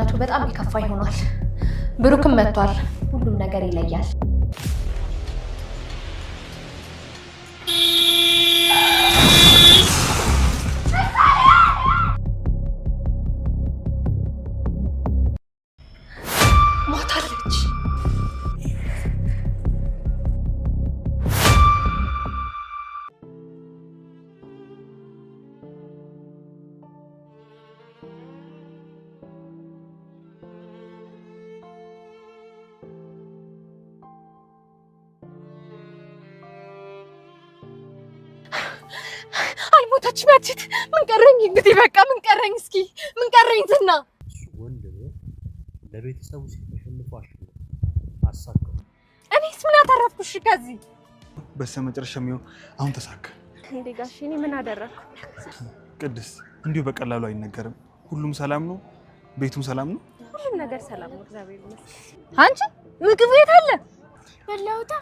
እውነቱ በጣም የከፋ ይሆናል። ብሩክም መጥቷል። ሁሉም ነገር ይለያል። ሞተች ማችት ምን ቀረኝ? እንግዲህ በቃ ምን ቀረኝ? እስኪ ምን ቀረኝ? ዝና ወንድ ነው። ለቤተሰቡ ሲተሽልፉ አሽሎ አሳካ። እኔስ ምን አተረፍኩሽ ከዚህ? በስተመጨረሻ የሚሆን አሁን ተሳካ። እንዴ ጋሽ እኔ ምን አደረግኩ? ቅድስ እንዲሁ በቀላሉ አይነገርም። ሁሉም ሰላም ነው፣ ቤቱም ሰላም ነው፣ ሁሉም ነገር ሰላም ነው። እግዚአብሔር ይመስገን። አንቺ ምግብ የት አለ? በላውታ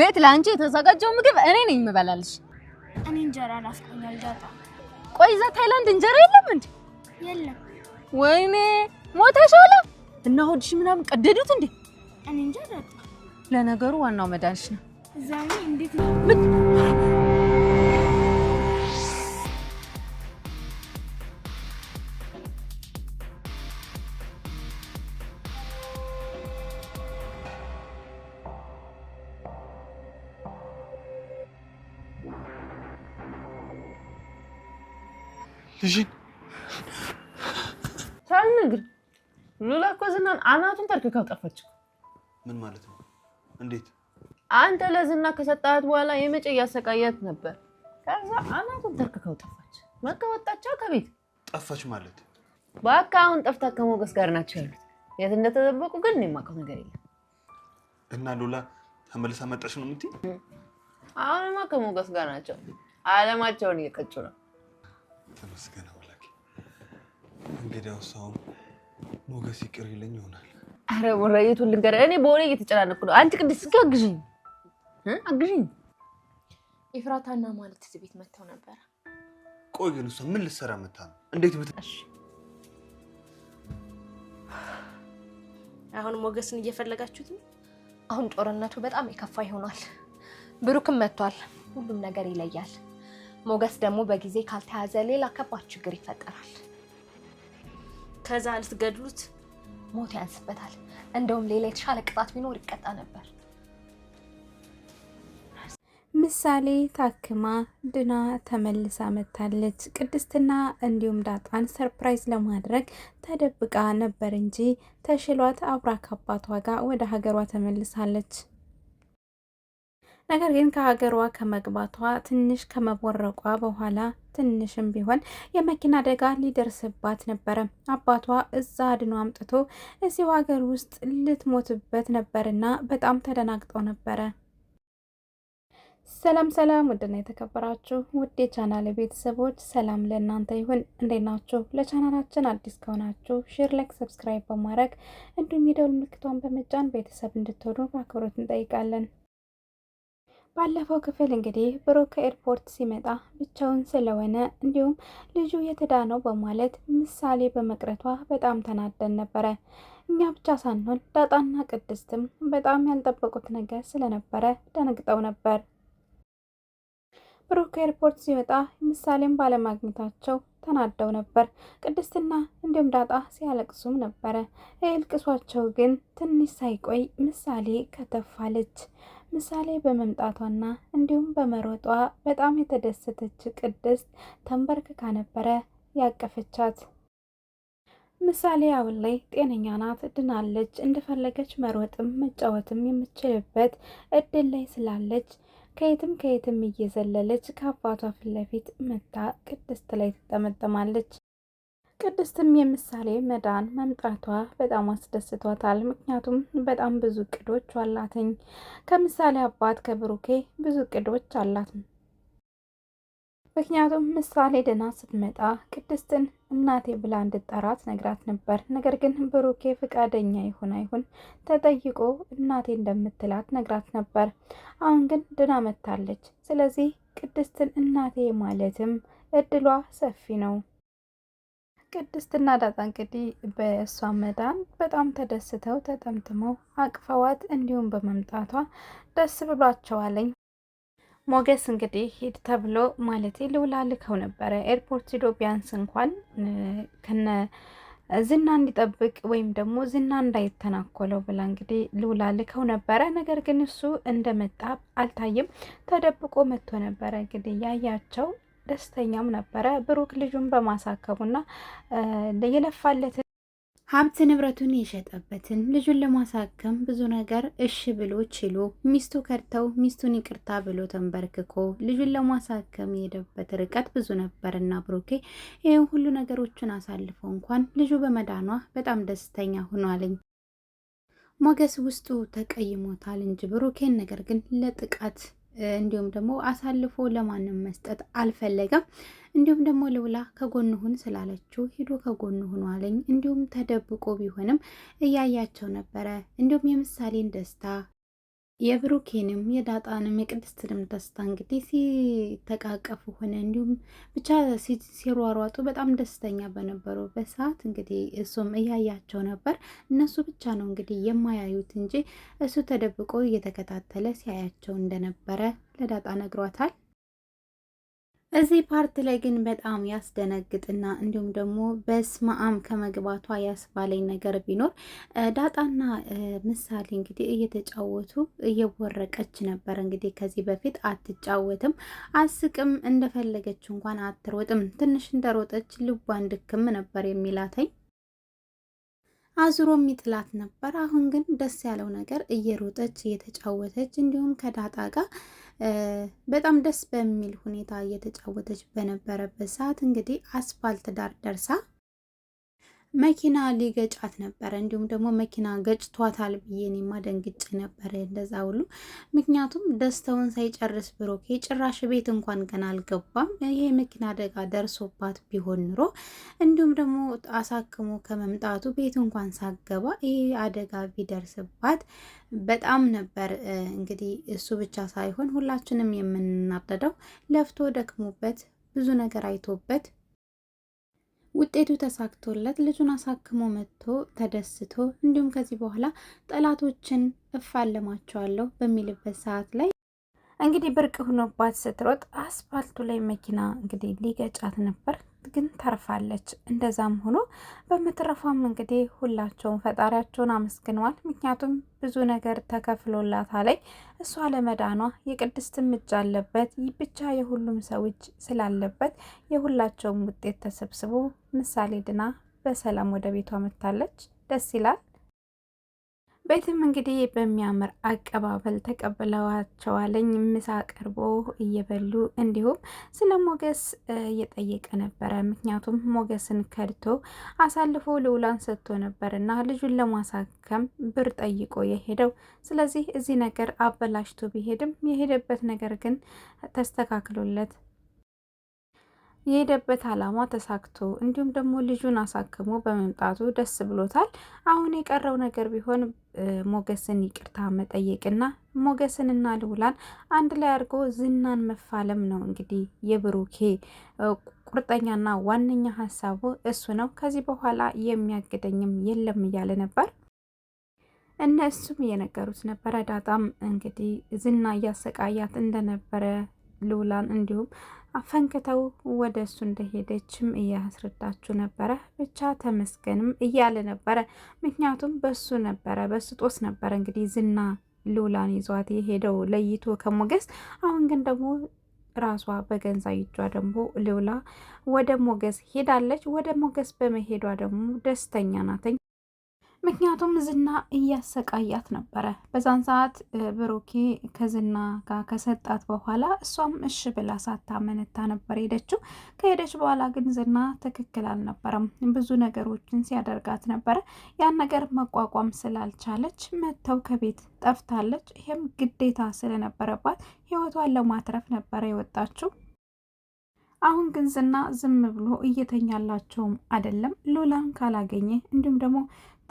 ቤት ለአንቺ የተዘጋጀው ምግብ እኔ ነኝ የምበላልሽ እኔ እንጀራ ናፍቆኛል። ዳጣ ቆይ፣ እዛ ታይላንድ እንጀራ የለም እንዴ? የለም። ወይኔ ሞተሻል። እና ሆድሽ ምናምን ቀደዱት እንዴ? እኔ እንጀራ። ለነገሩ ዋናው መዳንሽ ነው። ዛሬ እንዴት ነው ልጅን ሳልነግር ሉላ እኮ ዝናን አናቱን ተርክካው ጠፋች። ምን ማለት ነው? እንዴት? አንተ ለዝና ከሰጣት በኋላ የመጨ እያሰቃያት ነበር። ከዛ አናቱን ተርክካው ጠፋች። መቀወጣቸው ከቤት ጠፋች ማለት በአካ አሁን ጠፍታ ከሞገስ ጋር ናቸው ያሉት። የት እንደተጠበቁ ግን የማውቀው ነገር የለም። እና ሉላ ተመልሳ መጣች ነው የምትይኝ? አሁንማ ከሞገስ ጋር ናቸው። አለማቸውን እየቀጩ ነው። ተመስገን አምላኬ። እንግዲህ አውሳውም ሞገስ ይቅር ይለኝ ይሆናል። አረ ወራየቱን ልንገርህ፣ እኔ በሆነ እየተጨናነኩ ነው። አንቺ ቅድስት እስኪ አግዥኝ አግዥኝ። ኤፍራታና ማለት እዚህ ቤት መጥተው ነበረ። ቆይ ግን እሷ ምን ልትሰራ መታ ነው? እንዴት ብት አሁን ሞገስን እየፈለጋችሁት ነው? አሁን ጦርነቱ በጣም የከፋ ይሆናል። ብሩክም መጥቷል። ሁሉም ነገር ይለያል። ሞገስ ደግሞ በጊዜ ካልተያዘ ሌላ ከባድ ችግር ይፈጠራል። ከዛ ልትገድሉት፣ ሞት ያንስበታል። እንደውም ሌላ የተሻለ ቅጣት ቢኖር ይቀጣ ነበር። ምሳሌ ታክማ ድና ተመልሳ መታለች። ቅድስትና እንዲሁም ዳጣን ሰርፕራይዝ ለማድረግ ተደብቃ ነበር እንጂ ተሽሏት አብራ ከአባቷ ጋር ወደ ሀገሯ ተመልሳለች። ነገር ግን ከሀገሯ ከመግባቷ ትንሽ ከመቦረቋ በኋላ ትንሽም ቢሆን የመኪና አደጋ ሊደርስባት ነበረ። አባቷ እዛ አድኖ አምጥቶ እዚሁ ሀገር ውስጥ ልትሞትበት ነበርና በጣም ተደናግጠው ነበረ። ሰላም ሰላም፣ ውድና የተከበራችሁ ውድ የቻናል ቤተሰቦች ሰላም ለእናንተ ይሁን። እንዴት ናችሁ? ለቻናላችን አዲስ ከሆናችሁ ሼር፣ ላይክ፣ ሰብስክራይብ በማድረግ እንዲሁም የደውል ምልክቷን በመጫን ቤተሰብ እንድትሆኑ በአክብሮት እንጠይቃለን። ባለፈው ክፍል እንግዲህ ብሩክ ከኤርፖርት ሲመጣ ብቻውን ስለሆነ እንዲሁም ልጁ የትዳ ነው በማለት ምሳሌ በመቅረቷ በጣም ተናደን ነበረ። እኛ ብቻ ሳንሆን ዳጣና ቅድስትም በጣም ያልጠበቁት ነገር ስለነበረ ደንግጠው ነበር። ብሩክ ከኤርፖርት ሲመጣ ምሳሌም ባለማግኘታቸው ተናደው ነበር። ቅድስትና እንዲሁም ዳጣ ሲያለቅሱም ነበረ። የእልቅሷቸው ግን ትንሽ ሳይቆይ ምሳሌ ከተፋለች። ምሳሌ በመምጣቷና እንዲሁም በመሮጧ በጣም የተደሰተች ቅድስት ተንበርክካ ነበረ ያቀፈቻት። ምሳሌ አሁን ላይ ጤነኛ ናት፣ ድናለች። እንደፈለገች መሮጥም መጫወትም የምችልበት እድል ላይ ስላለች ከየትም ከየትም እየዘለለች ከአባቷ ፊት ለፊት መታ ቅድስት ላይ ትጠመጠማለች። ቅድስትም የምሳሌ መዳን መምጣቷ በጣም አስደስቷታል። ምክንያቱም በጣም ብዙ እቅዶች አላትኝ ከምሳሌ አባት ከብሩኬ ብዙ እቅዶች አላት። ምክንያቱም ምሳሌ ደህና ስትመጣ ቅድስትን እናቴ ብላ እንድጠራት ነግራት ነበር። ነገር ግን ብሩኬ ፈቃደኛ ይሁን አይሁን ተጠይቆ እናቴ እንደምትላት ነግራት ነበር። አሁን ግን ደህና መታለች ስለዚህ ቅድስትን እናቴ ማለትም እድሏ ሰፊ ነው። ቅድስትና ዳጣ እንግዲህ በእሷ መዳን በጣም ተደስተው ተጠምጥመው አቅፈዋት እንዲሁም በመምጣቷ ደስ ብሏቸዋለኝ። ሞገስ እንግዲህ ሂድ ተብሎ ማለት ልውላ ልከው ነበረ ኤርፖርት ሂዶ ቢያንስ እንኳን ከነ ዝና እንዲጠብቅ ወይም ደግሞ ዝና እንዳይተናኮለው ብላ እንግዲህ ልውላ ልከው ነበረ። ነገር ግን እሱ እንደመጣ አልታየም፣ ተደብቆ መጥቶ ነበረ እንግዲህ ያያቸው ደስተኛም ነበረ። ብሩክ ልጁን በማሳከሙና የለፋለትን ሀብት ንብረቱን የሸጠበትን ልጁን ለማሳከም ብዙ ነገር እሺ ብሎ ችሎ ሚስቱ ከድተው ሚስቱን ይቅርታ ብሎ ተንበርክኮ ልጁን ለማሳከም የሄደበት ርቀት ብዙ ነበርና ብሩኬ ይህን ሁሉ ነገሮችን አሳልፎ እንኳን ልጁ በመዳኗ በጣም ደስተኛ ሆኗልኝ። ሞገስ ውስጡ ተቀይሞታል እንጂ ብሩኬን ነገር ግን ለጥቃት እንዲሁም ደግሞ አሳልፎ ለማንም መስጠት አልፈለገም። እንዲሁም ደግሞ ልውላ ከጎን ሁን ስላለችው ሂዶ ከጎን ሁኑ አለኝ። እንዲሁም ተደብቆ ቢሆንም እያያቸው ነበረ። እንዲሁም የምሳሌን ደስታ የብሩኬንም የዳጣንም የቅድስትንም ደስታ እንግዲህ ሲተቃቀፉ ሆነ እንዲሁም ብቻ ሲሯሯጡ በጣም ደስተኛ በነበሩበት ሰዓት እንግዲህ እሱም እያያቸው ነበር። እነሱ ብቻ ነው እንግዲህ የማያዩት እንጂ እሱ ተደብቆ እየተከታተለ ሲያያቸው እንደነበረ ለዳጣ ነግሯታል። እዚህ ፓርት ላይ ግን በጣም ያስደነግጥና እንዲሁም ደግሞ በስማአም ከመግባቷ ያስባለኝ ነገር ቢኖር ዳጣና ምሳሌ እንግዲህ እየተጫወቱ እየቦረቀች ነበር። እንግዲህ ከዚህ በፊት አትጫወትም፣ አስቅም፣ እንደፈለገች እንኳን አትሮጥም። ትንሽ እንደሮጠች ልቧን ድክም ነበር የሚላተኝ አዙሮ የሚጥላት ነበር። አሁን ግን ደስ ያለው ነገር እየሮጠች እየተጫወተች እንዲሁም ከዳጣ ጋር በጣም ደስ በሚል ሁኔታ እየተጫወተች በነበረበት ሰዓት እንግዲህ አስፋልት ዳር ደርሳ መኪና ሊገጫት ነበረ። እንዲሁም ደግሞ መኪና ገጭቷታል ብዬ እኔማ ደንግጬ ነበረ እንደዛ ሁሉ። ምክንያቱም ደስታውን ሳይጨርስ ብሩኬ ጭራሽ ቤት እንኳን ገና አልገባም። ይሄ መኪና አደጋ ደርሶባት ቢሆን ኑሮ እንዲሁም ደግሞ አሳክሞ ከመምጣቱ ቤት እንኳን ሳገባ ይሄ አደጋ ቢደርስባት በጣም ነበር እንግዲህ። እሱ ብቻ ሳይሆን ሁላችንም የምናደደው ለፍቶ ደክሞበት ብዙ ነገር አይቶበት ውጤቱ ተሳክቶለት ልጁን አሳክሞ መጥቶ ተደስቶ እንዲሁም ከዚህ በኋላ ጠላቶችን እፋለማቸዋለሁ በሚልበት ሰዓት ላይ እንግዲህ ብርቅ ሆኖባት ስትሮጥ አስፋልቱ ላይ መኪና እንግዲህ ሊገጫት ነበር። ግን ተርፋለች። እንደዛም ሆኖ በምትረፋም እንግዲህ ሁላቸውን ፈጣሪያቸውን አመስግነዋል። ምክንያቱም ብዙ ነገር ተከፍሎላት ላይ እሷ ለመዳኗ የቅድስትም እጅ አለበት። ብቻ የሁሉም ሰው እጅ ስላለበት የሁላቸውም ውጤት ተሰብስቦ ምሳሌ ድና በሰላም ወደ ቤቷ መታለች። ደስ ይላል። ቤትም እንግዲህ በሚያምር አቀባበል ተቀብለዋቸዋለኝ። ምሳ ቀርቦ እየበሉ እንዲሁም ስለ ሞገስ እየጠየቀ ነበረ። ምክንያቱም ሞገስን ከድቶ አሳልፎ ልውላን ሰጥቶ ነበር እና ልጁን ለማሳከም ብር ጠይቆ የሄደው። ስለዚህ እዚህ ነገር አበላሽቶ ቢሄድም የሄደበት ነገር ግን ተስተካክሎለት የሄደበት ዓላማ ተሳክቶ እንዲሁም ደግሞ ልጁን አሳክሞ በመምጣቱ ደስ ብሎታል። አሁን የቀረው ነገር ቢሆን ሞገስን ይቅርታ መጠየቅና ሞገስንና ልውላን አንድ ላይ አድርጎ ዝናን መፋለም ነው። እንግዲህ የብሩኬ ቁርጠኛና ዋነኛ ሀሳቡ እሱ ነው። ከዚህ በኋላ የሚያግደኝም የለም እያለ ነበር። እነሱም እየነገሩት ነበረ። ዳጣም እንግዲህ ዝና እያሰቃያት እንደነበረ ልውላን እንዲሁም አፈንክተው ወደ እሱ እንደሄደችም እያስረዳችሁ ነበረ። ብቻ ተመስገንም እያለ ነበረ። ምክንያቱም በሱ ነበረ በሱ ጦስ ነበረ እንግዲህ ዝና ሉላን ይዟት የሄደው ለይቶ ከሞገስ። አሁን ግን ደግሞ ራሷ በገንዛ ይጇ ደግሞ ሉላ ወደ ሞገስ ሄዳለች። ወደ ሞገስ በመሄዷ ደግሞ ደስተኛ ናተኝ። ምክንያቱም ዝና እያሰቃያት ነበረ። በዛን ሰዓት ብሩኬ ከዝና ጋር ከሰጣት በኋላ እሷም እሽ ብላ ሳታመነታ ነበር ሄደችው። ከሄደች በኋላ ግን ዝና ትክክል አልነበረም። ብዙ ነገሮችን ሲያደርጋት ነበረ። ያን ነገር መቋቋም ስላልቻለች መተው ከቤት ጠፍታለች። ይህም ግዴታ ስለነበረባት ህይወቷን ለማትረፍ ነበረ የወጣችው። አሁን ግን ዝና ዝም ብሎ እየተኛላቸውም አይደለም። ሉላን ካላገኘ እንዲሁም ደግሞ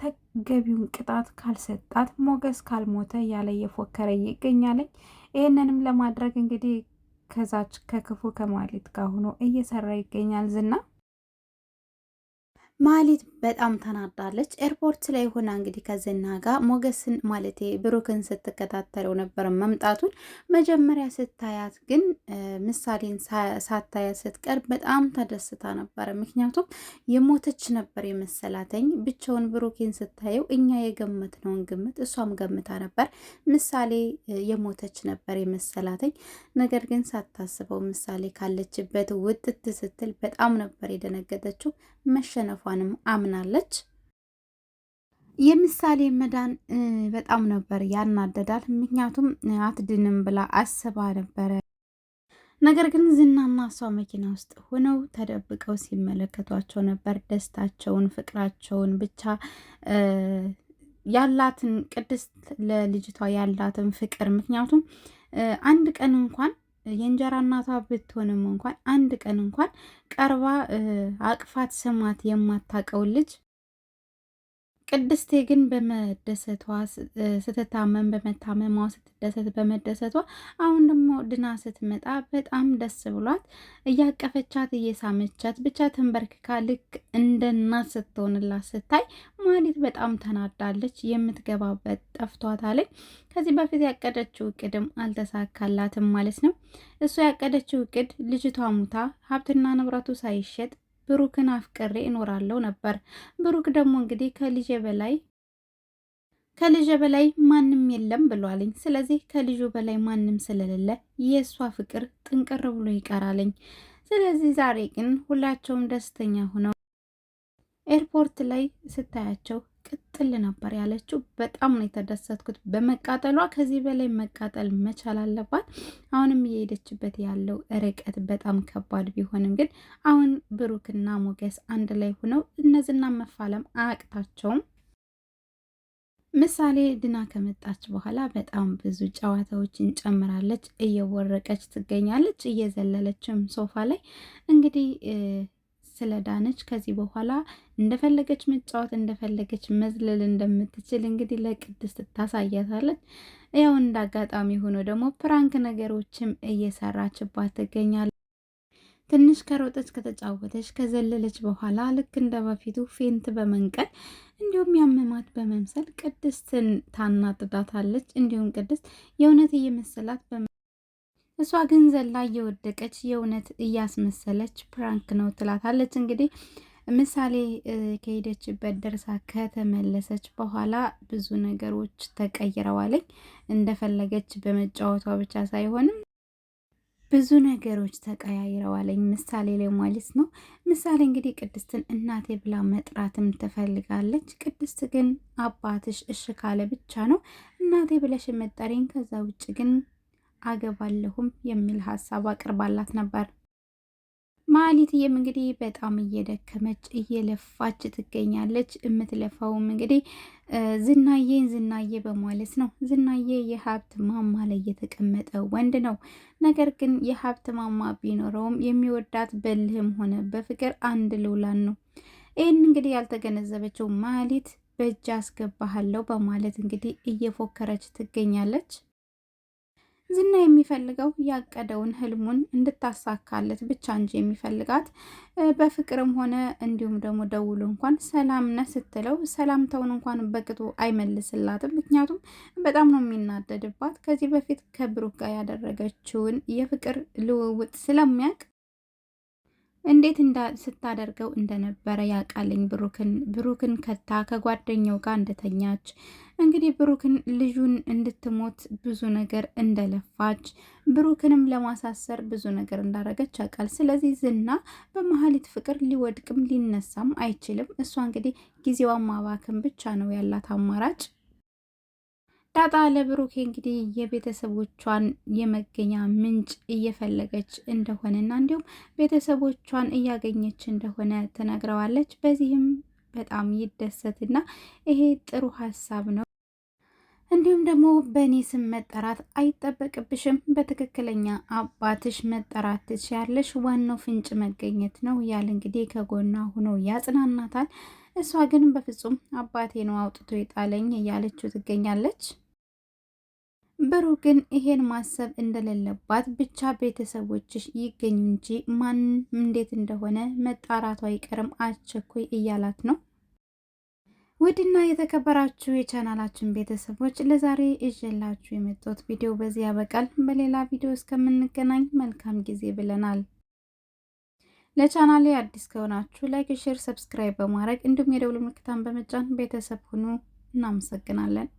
ተገቢውን ቅጣት ካልሰጣት ሞገስ ካልሞተ እያለ እየፎከረ ይገኛለኝ። ይህንንም ለማድረግ እንግዲህ ከዛች ከክፉ ከማሌት ጋር ሆኖ እየሰራ ይገኛል ዝና ማሊት በጣም ተናዳለች። ኤርፖርት ላይ ሆና እንግዲህ ከዝና ጋር ሞገስን ማለቴ ብሩክን ስትከታተለው ነበር መምጣቱን። መጀመሪያ ስታያት ግን ምሳሌን ሳታያት ስትቀር በጣም ተደስታ ነበረ። ምክንያቱም የሞተች ነበር የመሰላተኝ። ብቻውን ብሩኬን ስታየው እኛ የገመትነውን ግምት እሷም ገምታ ነበር። ምሳሌ የሞተች ነበር የመሰላተኝ። ነገር ግን ሳታስበው ምሳሌ ካለችበት ውጥት ስትል በጣም ነበር የደነገጠችው መሸነፏ መድኃኒቷንም አምናለች። የምሳሌ መዳን በጣም ነበር ያናደዳል ምክንያቱም አትድንም ብላ አስባ ነበረ። ነገር ግን ዝናና እሷ መኪና ውስጥ ሆነው ተደብቀው ሲመለከቷቸው ነበር። ደስታቸውን፣ ፍቅራቸውን ብቻ ያላትን ቅድስት ለልጅቷ ያላትን ፍቅር ምክንያቱም አንድ ቀን እንኳን የእንጀራ እናቷ ብትሆንም እንኳን አንድ ቀን እንኳን ቀርባ አቅፋት ስማት የማታውቀው ልጅ ቅድስቴ ግን በመደሰቷ ስትታመም በመታመሟ ስትደሰት በመደሰቷ አሁን ደግሞ ድና ስትመጣ በጣም ደስ ብሏት እያቀፈቻት እየሳመቻት ብቻ ተንበርክካ ልክ እንደ ስትሆንላት ስታይ ማሊት በጣም ተናዳለች። የምትገባበት ጠፍቷታል። ከዚህ በፊት ያቀደችው እቅድም አልተሳካላትም ማለት ነው። እሱ ያቀደችው እቅድ ልጅቷ ሙታ ሀብትና ንብረቱ ሳይሸጥ ብሩክን አፍቅሬ እኖራለሁ ነበር። ብሩክ ደግሞ እንግዲህ ከልጄ በላይ ከልጄ በላይ ማንም የለም ብሏልኝ። ስለዚህ ከልጁ በላይ ማንም ስለሌለ የእሷ ፍቅር ጥንቅር ብሎ ይቀራልኝ። ስለዚህ ዛሬ ግን ሁላቸውም ደስተኛ ሆነው ኤርፖርት ላይ ስታያቸው ቅጥል ነበር ያለችው። በጣም ነው የተደሰትኩት በመቃጠሏ። ከዚህ በላይ መቃጠል መቻል አለባት። አሁንም እየሄደችበት ያለው ርቀት በጣም ከባድ ቢሆንም ግን አሁን ብሩክና ሞገስ አንድ ላይ ሆነው እነዝና መፋለም አያቅታቸውም። ምሳሌ ድና ከመጣች በኋላ በጣም ብዙ ጨዋታዎችን ጨምራለች። እየወረቀች ትገኛለች፣ እየዘለለችም ሶፋ ላይ እንግዲህ ስለዳነች ከዚህ በኋላ እንደፈለገች መጫወት እንደፈለገች መዝለል እንደምትችል እንግዲህ ለቅድስት ታሳያታለች። ያው እንደ አጋጣሚ ሆኖ ደግሞ ፕራንክ ነገሮችም እየሰራችባት ትገኛለች። ትንሽ ከሮጠች ከተጫወተች ከዘለለች በኋላ ልክ እንደ በፊቱ ፌንት በመንቀል እንዲሁም ያመማት በመምሰል ቅድስትን ታናጥዳታለች። እንዲሁም ቅድስት የእውነት እየመሰላት እሷ ግን ዘላ እየወደቀች የእውነት እያስመሰለች ፕራንክ ነው ትላታለች። እንግዲህ ምሳሌ ከሄደችበት ደርሳ ከተመለሰች በኋላ ብዙ ነገሮች ተቀይረዋለኝ። እንደፈለገች በመጫወቷ ብቻ ሳይሆንም ብዙ ነገሮች ተቀያይረዋለኝ ምሳሌ ላይ ማለት ነው። ምሳሌ እንግዲህ ቅድስትን እናቴ ብላ መጥራትም ትፈልጋለች። ቅድስት ግን አባትሽ እሽ ካለ ብቻ ነው እናቴ ብለሽ መጠሪኝ፣ ከዛ ውጭ ግን አገባለሁም የሚል ሀሳብ አቅርባላት ነበር። ማሊትዬም እንግዲህ በጣም እየደከመች እየለፋች ትገኛለች። የምትለፋውም እንግዲህ ዝናዬን ዝናዬ በማለት ነው። ዝናዬ የሀብት ማማ ላይ የተቀመጠ ወንድ ነው። ነገር ግን የሀብት ማማ ቢኖረውም የሚወዳት በልህም ሆነ በፍቅር አንድ ልውላን ነው። ይህን እንግዲህ ያልተገነዘበችው ማሊት በእጅ አስገባሃለሁ በማለት እንግዲህ እየፎከረች ትገኛለች። ዝና የሚፈልገው ያቀደውን ህልሙን እንድታሳካለት ብቻ እንጂ የሚፈልጋት በፍቅርም ሆነ እንዲሁም ደግሞ ደውሉ እንኳን ሰላም ነህ ስትለው ሰላምታውን እንኳን በቅጡ አይመልስላትም። ምክንያቱም በጣም ነው የሚናደድባት። ከዚህ በፊት ከብሩክ ጋር ያደረገችውን የፍቅር ልውውጥ ስለሚያውቅ እንዴት ስታደርገው እንደነበረ ያውቃለኝ። ብሩክን ብሩክን ከታ ከጓደኛው ጋር እንደተኛች እንግዲህ ብሩክን ልጁን እንድትሞት ብዙ ነገር እንደለፋች ብሩክንም ለማሳሰር ብዙ ነገር እንዳረገች ያውቃል። ስለዚህ ዝና በመሀሊት ፍቅር ሊወድቅም ሊነሳም አይችልም። እሷ እንግዲህ ጊዜዋን ማባከን ብቻ ነው ያላት አማራጭ። ዳጣ ለብሩኬ እንግዲህ የቤተሰቦቿን የመገኛ ምንጭ እየፈለገች እንደሆነና እንዲሁም ቤተሰቦቿን እያገኘች እንደሆነ ትነግረዋለች። በዚህም በጣም ይደሰትና ይሄ ጥሩ ሀሳብ ነው እንዲሁም ደግሞ በእኔ ስም መጠራት አይጠበቅብሽም። በትክክለኛ አባትሽ መጠራት ትችያለሽ። ዋናው ፍንጭ መገኘት ነው ያለ እንግዲህ ከጎኗ ሆኖ ያጽናናታል። እሷ ግን በፍጹም አባቴ ነው አውጥቶ የጣለኝ እያለችው ትገኛለች። ብሩ ግን ይሄን ማሰብ እንደሌለባት ብቻ ቤተሰቦችሽ ይገኙ እንጂ ማን እንዴት እንደሆነ መጣራቱ አይቀርም፣ አስቸኩይ እያላት ነው ውድና የተከበራችሁ የቻናላችን ቤተሰቦች ለዛሬ ይዤላችሁ የመጣሁት ቪዲዮ በዚህ ያበቃል። በሌላ ቪዲዮ እስከምንገናኝ መልካም ጊዜ ብለናል። ለቻናሌ አዲስ ከሆናችሁ ላይክ፣ ሼር፣ ሰብስክራይብ በማድረግ እንዲሁም የደውል ምልክታን በመጫን ቤተሰብ ሁኑ። እናመሰግናለን።